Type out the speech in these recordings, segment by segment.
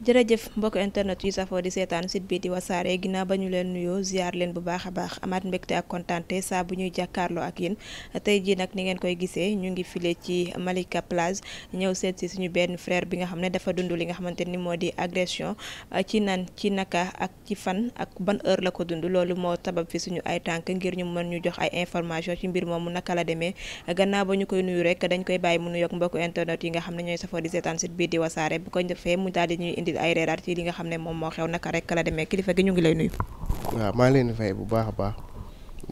jërëjëf mbokk internet yu safoo di seetaan site bii di wasaare ginnaaw ba ñu leen nuyoo ziar leen bu baax a baax amaat mbégte ak kontante saa bu ñuy jàkkaarloo ak yéen tey jii ni ngeen koy gisee ñu ngi file ci Malika Plage ñëw seet suñu benn frère bi nga xam ne dafa dund li nga xamante ni moo di agression ci nan ci naka ak ci fan ak ban heure moo sabab fi suñu ay tànk ngir ñu mën ñu jox ay information ci mbir moomu naka la demee gannaaw ba ñu koy nuyu rek dañ koy bàyyi mu nuyoog mbokk internet yi nga xam ne ñooy safoo di seetaan site bii di wasaare bu ko defee mu daal ñuy indi indil ay reeraat ci li nga xam ne moom moo xew naka rek la demee kilifa gi ñu ngi lay nuyu. waaw maa leen di fay bu baax a baax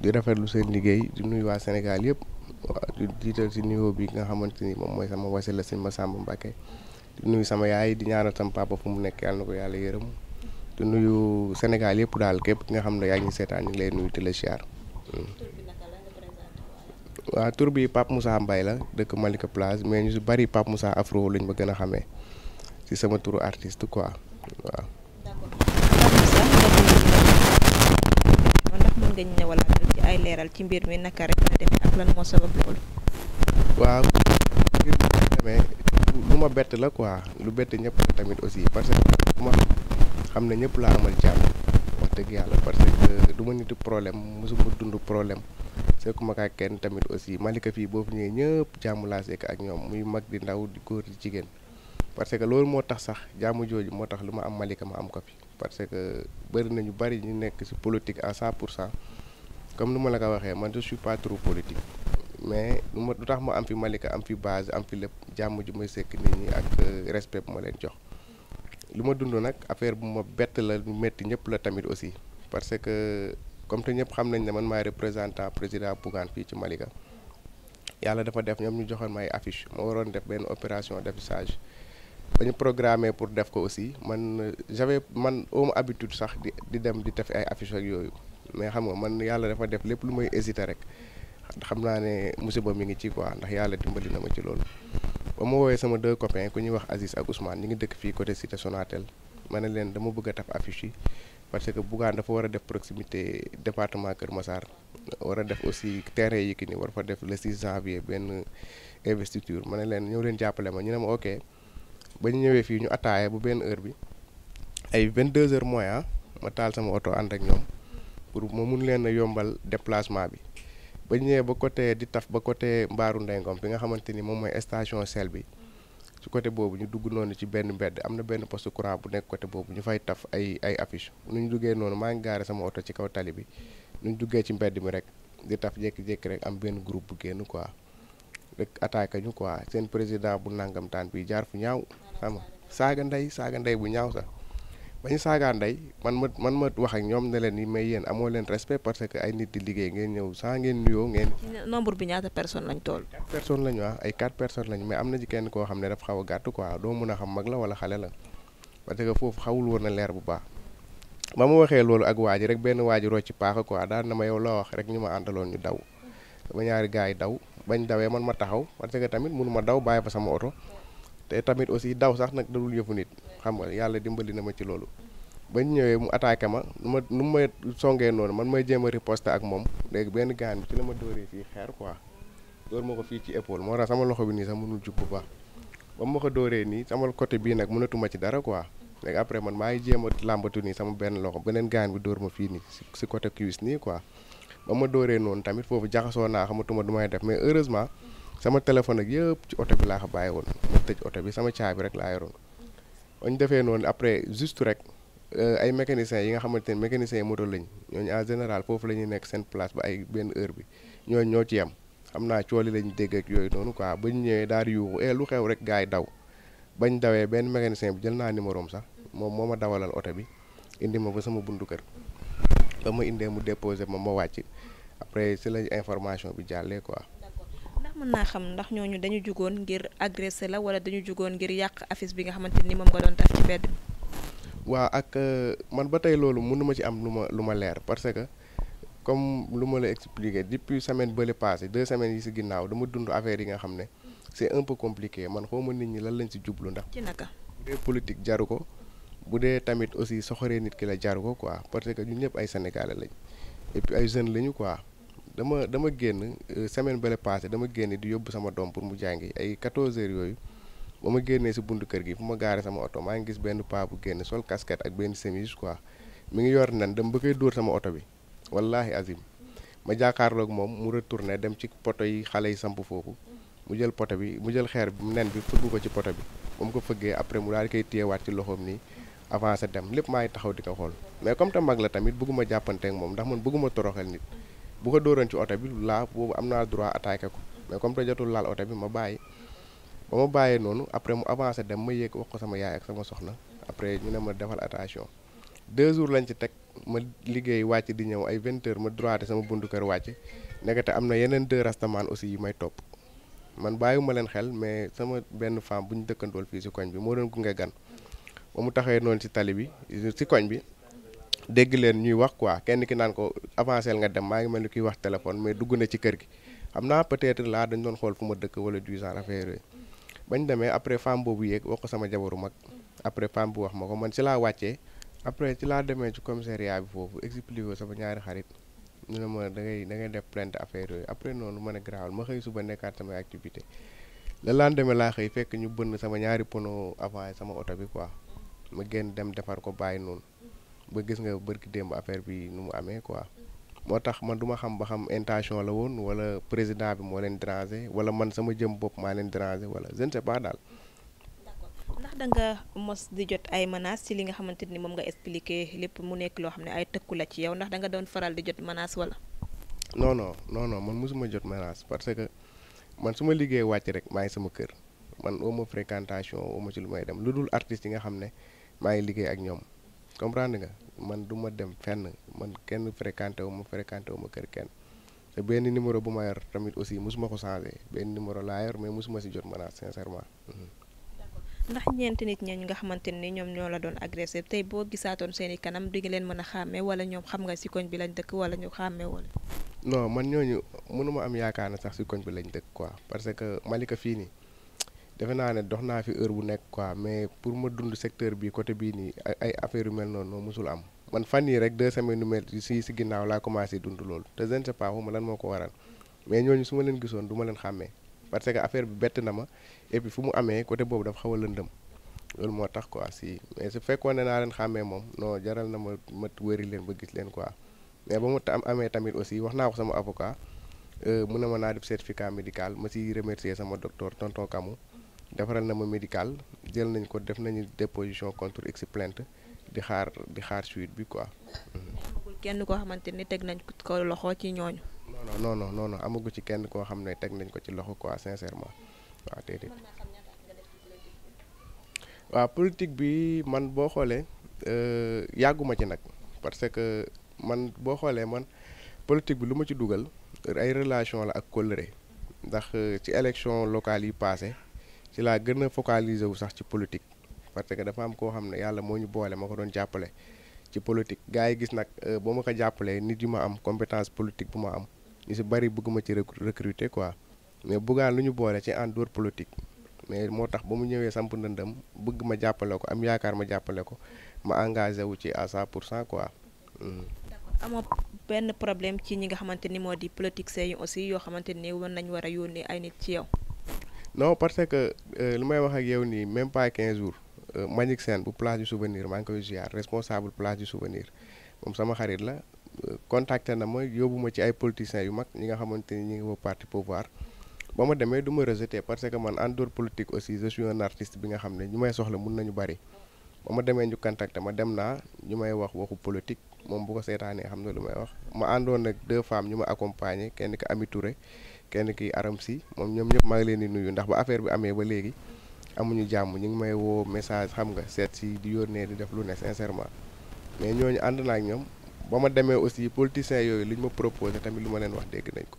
di rafetlu seen liggéey di nuyu waa Sénégal yëpp waaw di jiital si niveau bi nga xamante ni moom mooy sama wasila sëñ Massamba Mbacké di nuyu sama yaay di ñaanal sama fu mu nekk yàlla na ko yàlla yërëm di nuyu Sénégal yëpp daal képp ki nga xam ne yaa ngi seetaan ñu lay nuyu di la siyaar. waaw tur bi Pape Moussa Mbaye la dëkk Malika Place mais ñu si bari Pape Moussa Afro lañ ma gën a xame ci sama tour artiste quoi waaw. ndax mën nga ñëwalaat ci ay leeral ci mbir mi naka rek la demee ak lan moo sabab loolu. waaw mbir ma bett la quoi lu bett ñëpp tamit aussi parce que ma xam ne ñëpp laa amal jàmm wax dëgg yàlla parce que du ma nitu problème mosuma dund problème sekkuma kaa kenn tamit aussi Malika fii boobu ñëwee ñëpp jàmm laa sekk ak ñoom muy mag di ndaw di góor di jigéen. parce que loolu moo tax sax jàmm jooju moo tax lu ma am Malika ma am ko fi parce que bëri na ñu bëri ñu nekk ci politique à 100 pour cent comme nu ma la ko waxee man je suis pas trop mais lu ma lu tax ma am fi Malika am fi base am fi lépp jàmm ju may sekk nit ñi ak euh, respect bu ma leen jox lu ma dund nag affaire bu ma bett la lu métti ñëpp la tamit aussi parce que comme te ñëpp xam nañ ne man maay représentant président Bougane fii ci Malika yàlla dafa def ñoom ñu joxoon may affiche ma waroon def benn opération d'affichage ba ñu programmé pour def ko aussi man j'avais man am sax di di dem di def ay yooyu mais xam nga man yàlla dafa def lépp lu may hésité rek xam naa ne musiba mi ngi ci quoi ndax yàlla dimbali na ma ci loolu. ba ma woowee sama deux copains ku ñuy wax Aziz ak Ousmane ñi ngi dëkk fii côté cité Sonatel ma leen dama bëgg a taf affiche yi parce que Bougane dafa war a def proximité département Kër Massar war a def aussi terrain yi ki ni war fa def le 6 janvier benn investiture ma ne leen ñëw leen jàppale ma ñu ne ma ok. ba ñu ñëwee fii ñu ataaya bu benn heure bi ay vingt deux heures moyen ah, ma taal sama oto ànd ak ñoom pour ma mun leen a yombal déplacement bi ba ñu ñëwee ba côté di taf ba côté mbaaru ndengom bi nga xamante ni moom mooy station sel bi su côté boobu ñu dugg noonu ci benn mbedd am na benn poste courant bu nekk côté boobu ñu fay taf ay ay nu ñu duggee noonu maa ngi gaare sama oto ci kaw tali bi nu ñu duggee ci mbedd mi rek di taf jékki-jékki rek am benn groupe bu génn quoi rek attaque ñu quoi seen président bu nangam taan jaar fu ñaaw xam nga saaga ndey saaga ndey bu ñaaw sax ba ñu saagaa ndey man ma man ma wax ak ñoom ne leen ni may yéen amoo leen respect parce que ay nit di liggéey ngeen ñëw sans ngeen nuyoo ngeen. nombre bi ñaata personne lañ toll. quatre personnes lañu ah ay quatre personnes lañu may am na ci kenn ko xam ne daf xaw a gàtt quoi doo mun a xam mag la wala xale la parce que foofu xawul woon na leer bu baax. ba mu waxee loolu ak waaj rek benn waa ji rocci paax quoi daal na ma yow loo wax rek ñu ma àndaloon ñu daw ba yi daw bañ dawee man ma taxaw parce que tamit mënu ma daw bàyyi fa sama oto. te tamit aussi daw sax nag dalul yëfu nit xam nga yàlla dimbali na ma ci loolu bañ ñëwee mu attaqué ma nu ma nu ma songee noonu man may jéema a riposte ak moom léegi benn gaan bi ci la ma dóoree fii xeer quoi dóor ma ko fii ci épole moo tax sama loxo bi nii sax mënul jub bu baax ba ma ko dóoree nii sama côté bii nag mënatuma ci dara quoi léegi après man maa ngi jéem làmbatu nii sama benn loxo beneen gaan bi dóor ma fii nii si côté cuisse nii quoi ba ma dóoree noonu tamit foofu jaxasoo naa xamatuma du may def mais heureusement sama téléphone ak yëpp ci oto bi laa ko woon ma tëj oto bi sama caabi rek laa yoroon ñu defee noonu après juste rek euh, ay mécaniciens yi nga xamante ne mécaniciens moto lañ ñooñu en général foofu la ñuy nekk seen place ba ay benn heure bi ñooñu ñoo ci yem xam naa cooli lañ dégg ak yooyu noonu quoi ba ñu ñëwee daal di yuuxu eh lu xew rek gars yi daw bañ dawee benn mécanicien bi jël naa numéroom sax moom moo ma dawalal oto bi indi ma ba sama buntu kër ba ma indee mu déposé ma ma wàcc après la information bi jàllee quoi. ndax mën naa xam ndax ñooñu dañu jugoon ngir agressé la wala dañu jugoon ngir yàq affiche bi nga xamante ni moom nga doon taf ci mbedd mi. waaw ak euh, man ba tey loolu mënuma ci am lu ma lu ma leer parce que comme lu ma la expliqué depuis semaine bële passé deux semaines yi si ginnaaw dama dund affaire yi nga xam ne c'est un peu compliqué man xawma nit ñi lan lañ si jublu ndax. ci naka bu dee politique jaru ko bu dee tamit aussi soxoree nit ki la jaru ko quoi parce que ñun ñëpp ay sénégalais lañ et puis ay jeunes lañu quoi. dama dama génn euh, semaine bële passé dama génn di yóbbu sama doom pour mu jàngi ay 14 heures yooyu ba ma génnee si buntu kër gi fu ma gaaree sama oto maa ngi gis benn paa bu génn sol kasket ak benn chemise quoi mi ngi yor nan dem ba koy dóor sama oto bi wallahi azim ma jàkkaarloog moom mu retourné dem ci poto yi xale yi samp foofu mu jël poto bi mu jël xeer bi nen bi fëgg ko ci poto bi ba mu ko fëggee après mu daal di koy téyewaat ci loxoom dem lépp maa ngi taxaw di ko xool mais comme te mag la tamit bëgguma jàppanteeg moom ndax man bëgguma toroxal nit bu ko dóoroon ci oto bi laa boobu am naa droit attaqué ko mais comme te jotul laal oto bi ma bàyyi ba ma bàyyee noonu après mu avancé dem ma yéeg wax ko sama yaay ak sama soxna après ñu ne ma defal attention deux jours lañ ci teg ma liggéey wàcc di ñëw ay vingt ma droité sama buntu kër wàcc nekkate am na yeneen deux rastaman aussi yi may topp man bàyyi ma leen xel mais sama benn femme bu ñu dëkkandool fii si koñ bi moo doon gunge gan ba mu taxawee noonu si tali bi si koñ bi dégg leen ñuy wax quoi kenn ki naan ko avancé nga dem maa ngi mel ni kiy wax téléphone mais dugg na ci kër gi xam naa peut-être laa dañ doon xool fu ma dëkk wala du genre affaire yooyu bañ demee après femme boobu yéeg wax ko sama jabaru mag après femme bu wax ma ko man ci laa wàccee après ci laa demee ci commissariat bi foofu expliqué sama ñaari xarit ñu ne ma da ngay da ngay def plainte affaire yooyu après noonu ma ne garaawal ma xëy suba nekkaat samay activité le lendemain laa xëy fekk ñu bënn sama ñaari pono avant sama oto bi quoi ma génn dem defar ko bàyyi noonu ba gis nga bërki démb affaire bi nu mu amee quoi moo tax man duma xam ba xam intention la woon wala président bi moo leen déranger wala man sama jëm bopp maa leen déranger wala je ne daal. ndax da nga mos di jot ay menaces ci li nga xamante ni moom nga expliqué lépp mu nekk loo xam ne ay tëkku la ci yow ndax danga nga doon faral di jot menace wala. non noo noo non man mosuma jot menace parce que man su ma liggéey wàcc rek maa ngi sama kër man ma fréquentation ma ci lu may dem lu dul artistes yi nga xam ne maa ngi liggéey ak ñoom. comprendre nga man du ma dem fenn man kenn fréquenté wu ma fréquenté wu ma kër kenn te benn numéro bu ma yor tamit aussi mosuma ko changé benn numéro laa yor mais mosuma si jot menace sincèrement. Mhm. ndax ñeenti nit ñi nga xamante ni ñoom ñoo la doon agressé tey boo gisaatoon seen kanam di leen mën a xàmmee wala ñoom xam nga si koñ bi lañ dëkk wala ñu xàmmee wala. non man ñooñu mënuma am yaakaar ne sax si koñ bi lañ dëkk quoi parce que mali Malika fii nii. defe naa ne dox naa fi heure bu nekk quoi mais pour ma dund secteur bi côté bii nii ay affaire yu mel noonu moo musul am man fan yii rek deux semaines yu mel si si ginnaaw laa commencé dund loolu te je ne sais pas lan moo ko waral mais ñooñu su ma leen gisoon du ma leen xàmmee parce que affaire bi bett na ma et puis fu mu amee côté boobu dafa xaw a lëndëm loolu moo tax quoi si su fekkoon ne naa leen xàmmee moom noo jaral na ma ma wëri leen ba gis leen quoi mais ba mu am amee tamit aussi wax naa ko sama avocat euh, mu ne ma naa def certificat médical ma si remercier sama docteur tonton Kamou defaral na ma médical jël nañ ko def nañu déposition contre ex di xaar di xaar suite bi quoi. kenn koo xamante ni teg nañ ko loxo ci ñooñu. non non non non amagu ci kenn koo xam ne teg nañ ko ci loxo quoi sincèrement waaw déedéet. politique bi man boo xoolee euh, yàgguma ci nag parce que man boo xoolee man politique bi lu ma ci dugal ay relation la ak kóllëre ndax euh, ci élection locale yi passé ci laa gën a focaliser wu sax ci politique parce que dafa am koo xam ne yàlla moo ñu boole ma ko doon jàppale ci politique gars yi gis nag euh, boo ma ko jàppalee nit yu ma am compétence politique bu ma am ñu si bëri bëgguma ci recruter quoi mais buggaan lu ñu boole ci en dehors politique mais moo tax ba mu ñëwee samp ndëndam bëgg ma jàppale ko am yaakaar ma jàppale ko ma engagé wu ci à 100 pour cent quoi. Hmm. amoo benn problème ci ñi nga xamante ni moo di politique yi aussi yoo xamante ni war nañ war a yónnee ay nit ci yow. non parce que euh, li may wax ak yow nii même pas quinze jours euh, Manick Sène bu place du souvenir maa ngi koy ziar responsable place du souvenir moom sama xarit la euh, contacté na ma yóbbu ma ci ay politiciens yu mag ñi nga xamante ni ñu ngi woo parti pouvoir ba ma demee du ma rejeté parce que man en dehors politique aussi je un artiste bi nga xam ne ñu may soxla mun nañu bari. ba ma demee ñu contacté ma dem naa ñu may wax waxu politique moom bu ko seetaanee xam na lu may wax ma àndoon nag deux femmes ñu ma accompagner kenn ki Ami Touré kenn ki Aram Si moom ñoom ñëpp maa ngi leen di nuyu ndax ba affaire bi amee ba léegi amuñu jàmm ñu ngi may woo message xam nga seet si di yónnee di def lu ne sincèrement mais ñooñu ànd naa ak ñoom ba ma demee aussi politiciens yooyu li ñu ma proposé tamit lu ma leen wax dégg nañ ko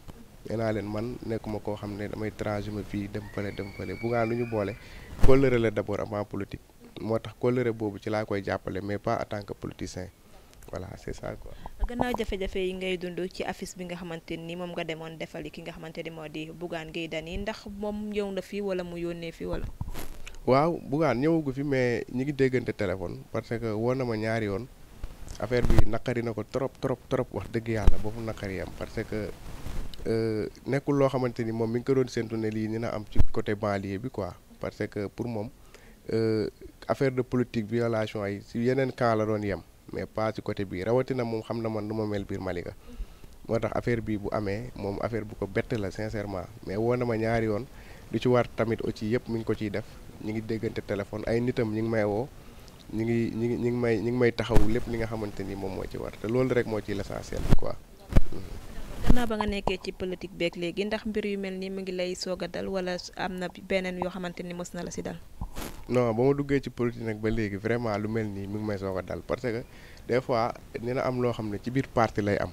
nee naa leen man nekkuma koo xam ne damay transhumé fii dem dem fële bu ngaa lu ñu boole kóllëre la d'abord avant politique moo tax kóllëre boobu ci laa koy jàppale mais pas en que politicien voilà c'est ça quoi. gannaaw jafe-jafe yi ngay dund ci affiche bi nga xamante nii moom nga demoon defali ki nga xamante ni moo di Bougane Gueye Dany ndax moom ñëw na fi wala mu yónnee fi wala. waaw Bougane ñëwagu fi mais ñi ngi déggante téléphone parce que woo na ma ñaari yoon affaire bi naqari na ko trop trop trop wax dëgg yàlla ba mu am parce que euh, nekkul loo xamante ni moom mi ngi ko doon séntu ne lii dina am ci côté banlieue bi quoi parce que pour moom euh, affaire de politique violation yi si yeneen camp la doon yem mais pas si côté bii rawatina moom xam na man nu ma mel biir Malika moo tax affaire bii bu amee moom affaire bu ko bett la sincèrement mais woo na ma ñaari yoon lu ci war tamit aussi yëpp mi ngi ko ciy def ñu ngi déggante téléphone ay nitam ñu ngi may woo ñu ngi ñu ngi ngi may ñu ngi may taxaw lépp li nga xamante ni moom moo ci war te loolu rek moo ci l'essentiel quoi. gannaaw ba nga nekkee ci politique beeg léegi ndax mbir yu mel nii mu ngi lay soog a wala am na beneen yoo xamante ni mës na la si dal. non ba ma duggee ci politique nag ba léegi vraiment lu mel nii mi ngi may soo a dal parce que des fois dina am loo xam ne ci biir parti lay am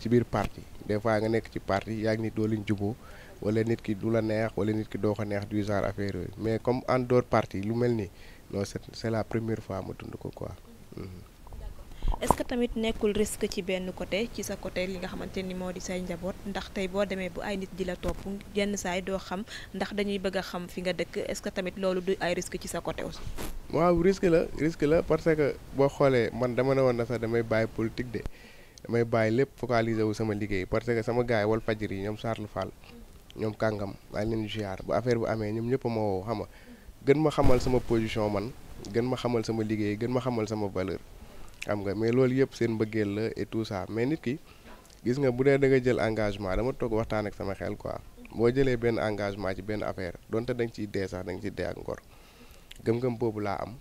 ci biir parti des fois nga nekk ci parti yaa ngi nit doo leen juboo wala nit ki du la neex wala nit ki doo ko neex du genre affaire yooyu mais comme en dehors parti lu mel nii no c'est c'est la première fois ma dund ko koi est-ce que tamit nekkul risque ci benn côté ci sa côté li nga xamante ni moo di say njaboot ndax tey boo demee bu ay nit ji la topp genn saay doo xam ndax dañuy bëgg a xam fi nga dëkk est-ce que tamit loolu du ay risque ci sa côté aussi. waaw risque la risque la parce que boo xoolee man dama ne woon na sax damay bàyyi politique de damay bàyyi lépp focaliser wu sama liggéey parce que sama gars yi wal fajir yi ñoom Charles Fall ñoom kàngam maa ngi leen di bu affaire bu amee ñoom ñëpp ma woo gën ma xamal sama position man gën ma xamal sama liggéey gën ma xamal sama valeur xam nga mais loolu yëpp seen mbëggeel la et tout ça mais nit ki gis nga bu dee da nga jël engagement dama toog waxtaan ak sama xel quoi moo jëlee benn engagement ci benn affaire donte da nga ciy dee sax da nga dee ak ngor gëm-gëm boobu laa am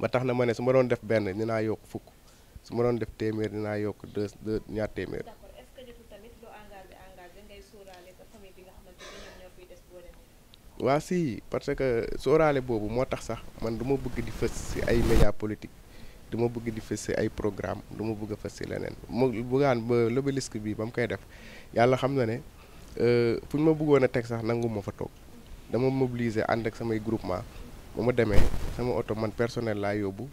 ba tax na ma ne su ma doon def benn dinaa yokk fukk su ma doon def téeméer dinaa yokk deux deux ñaar téeméer. waa si parce que sóoraale boobu moo tax sax man duma bugg di fës si ay média politique dama bëgg di fës ay programme du ma bëgg a fës leneen mu bugaan ba l'obélisque bi ba koy def yàlla xam na ne euh, fu ñu ma bëggoon a teg sax nangu ma fa toog dama mobiliser ànd ak samay groupement ba ma demee sama oto man personnel laa yóbbu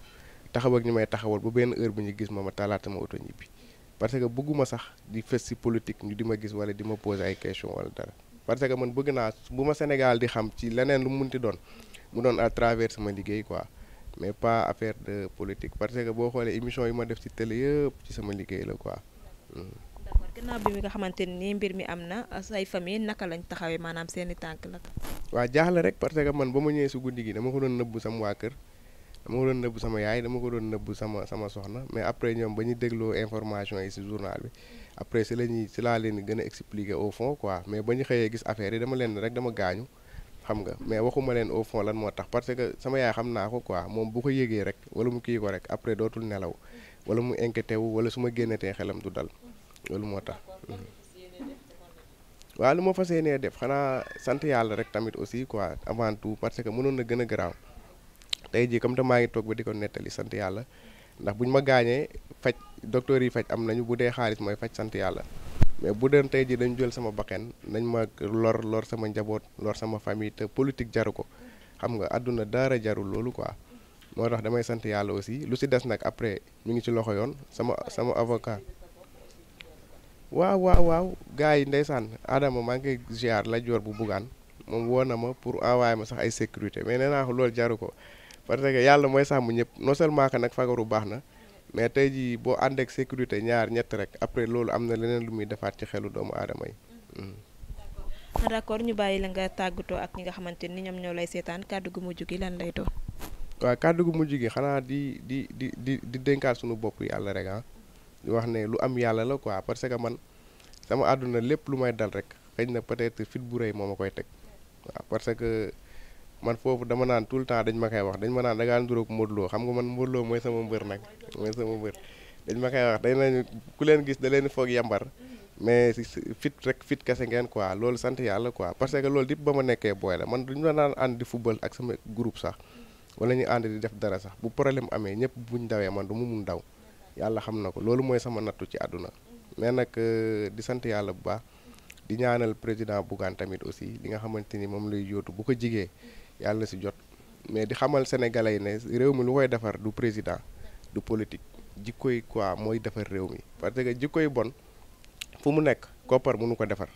taxaw ak ñi may taxawal benn heure bu ñu gis ma ma talaata ma oto ñibbi parce que bëgguma sax di fës si politique di ma gis wala di ma poser ay question parce que man bëgg naa bu ma Sénégal di xam ci leneen lu mu munti doon mu doon à travers sama liggéey quoi mais pas affaire de politique parce que boo xoolee émission yi ma def ci télé yëpp ci sama liggéey la quoi. Hmm. d'accord gannaaw bi nga xamante nii mbir mi am na say famille naka lañ taxawee maanaam seeni tànk la. waa jaaxle rek parce que man ba ma ñëwee si guddi gi dama ko doon nëbbu sama waa kër dama ko doon nëbbu sama yaay dama ko doon nëbbu sama sama soxna mais après ñoom ba ñu dégloo information yi si journal bi après si la si laa leen gën a expliquer au fond quoi mais ba ñu xëyee gis affaire yi dama rek dama gaañu. xam nga mais waxuma leen au fond lan moo tax parce que sama yaay xam naa ko quoi moom bu ko yéegee rek wala mu kii ko rek après dootul nelaw wala mu inquiété wu wala su ma génnatee xelam du dal loolu moo tax. Mm-hmm. waaw lu ma fas yéenee def xanaa sant yàlla rek tamit aussi quoi avant tout parce que mënoon na gën a garaaw tey jii comme te maa ngi toog ba di ko nettali sant yàlla ndax bu ñu ma gaañee faj docteur yi faj am nañu bu dee xaalis mooy faj sant yàlla. mais bu doon tey ji dañu jël sama bakkan nañ ma lor lor sama njaboot lor sama famille te politique jaru ko xam nga àdduna dara jarul loolu quoi moo tax damay sant yàlla aussi lu si des nag après mi ngi ci loxo yoon sama sama avocat waaw waaw waaw gars yi ndeysaan Adama maa ngi ziar la joor bu bugaan moom woo na ma pour envoyer ma sax ay sécurité mais nee naa ko loolu jaru ko parce que yàlla mooy sàmm ñëpp non seulement que nag fagaru baax na mais tey jii boo ànd sécurité ñaar ñett rek après loolu am na leneen lu muy defaat ci xelu doomu aadama yi. Mm-hmm. d' accord ñu bàyyi la nga tàggatoo ak ñi nga xamante ni ñoom ñoo lay seetaan kàddu gu mujj gi lan lay doon. waaw kàddu gu mujj gi xanaa di di di di di dénkaat suñu bopp yàlla rek ah di wax ne lu am yàlla la quoi parce que man sama àdduna lépp lu may dal rek xëy na peut-être fit bu rëy moo ma koy teg waaw parce que. man foofu dama naan tout le temps dañ ma koy wax dañ ma naan da ngaa nduróog Modou Lo xam nga man Modou Lo mooy sama mbër nag mooy sama mbër dañ ma koy wax ku leen gis da leen foog yambar mais fit rek fit kese ngeen quoi loolu sant yàlla quoi parce que loolu lépp ba ma nekkee booy la man duñu la naan ànd di ak sama groupe sax wala ñu ànd di def dara sax bu problème amee ñëpp buñ dawee man du mu mun daw yàlla xam na ko loolu mooy sama nattu ci àdduna mais nag euh, di sant yàlla bu baax di ñaanal président Bougane tamit aussi li nga xamante ni moom lay yóotu bu ko jigee yàlla si jot mais di xamal sénégalais yi ne réew mi lu koy defar du président du politique yi quoi mooy defar réew mi parce que jikkoy bon fu mu nekk koppar mënu ko defar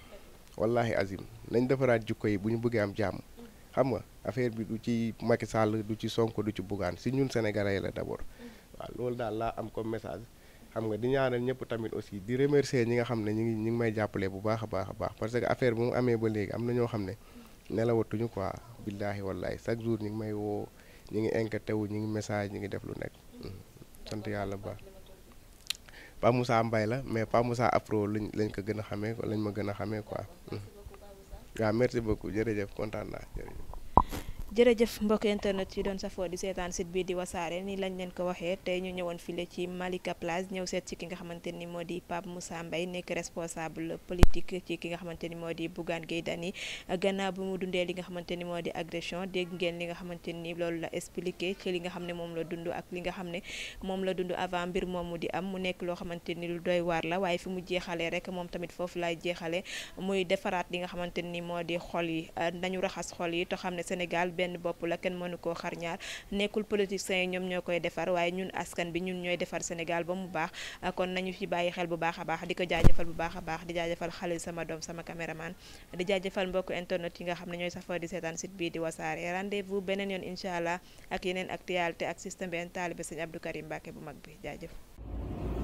wallahi azim nañ defaraat jikko yi bu ñu bëggee am jàmm xam nga affaire bi du ci Macky Sall du ci Sonko du ci Bougane si ñun sénégalais la d'abord waaw loolu daal laa am comme message xam nga di ñaanal ñëpp tamit aussi di remercier ñi nga xam ne ñu ngi ñu ngi may jàppalee bu baax a baax parce que affaire bi amee ba léegi am na ñoo xam ne nelawatuñu quoi billaahi wallaahi chaque jour ñu ngi may woo ñu ngi inquiété wu ñu ngi message ñu ngi def lu nekk mm-hmm. sant yàlla baax Pa Moussa mbay la mais Pa Moussa Afro lañ lañ ko gën a xamee lañ ma gën a xamee quoi mm-hmm. waaw merci beaucoup jërëjëf kontaan naa jërëjëf mbokk internet yi doon safoo di seetaan site bii di wasaare ni lañ leen ko waxee tey ñu ñëwoon file ci Malika Place ñëw seet ci ki nga xamante ni moo di Pape Moussa Mbaye nekk responsable politique ci ki nga xamante ni moo di Bougane Gueye Dany gannaaw bu mu dundee li nga xamante ni moo di agression dégg ngeen li nga xamante ni loolu la expliqué ci li nga xam ne moom la dund ak li nga xam ne moom la dund avant mbir moom mu di am mu nekk loo xamante ni lu doy waar la waaye fi mu jeexalee rek moom tamit foofu laay jeexalee muy defaraat li nga xamante ni moo di xol yi nañu raxas xol yi te xam ne Sénégal benn bopp la kenn mënu koo xar ñaar nekkul politiciens yi ñoom ñoo koy defar waaye ñun askan bi ñun ñooy defar Sénégal ba mu baax ah, kon nañu fi bàyyi xel bu baax a baax di ko jaajëfal bu baax a baax di jaajafal xale sama doom sama caméraman di jaajëfal mbokk internet yi nga xam ne ñooy safoo di seetaan site bii di wasaare rendez-vous beneen yoon incha allah ak yeneen actualité ak système benn taalibe sëñ Abdou Karim Mbacke bu mag bi jaajëf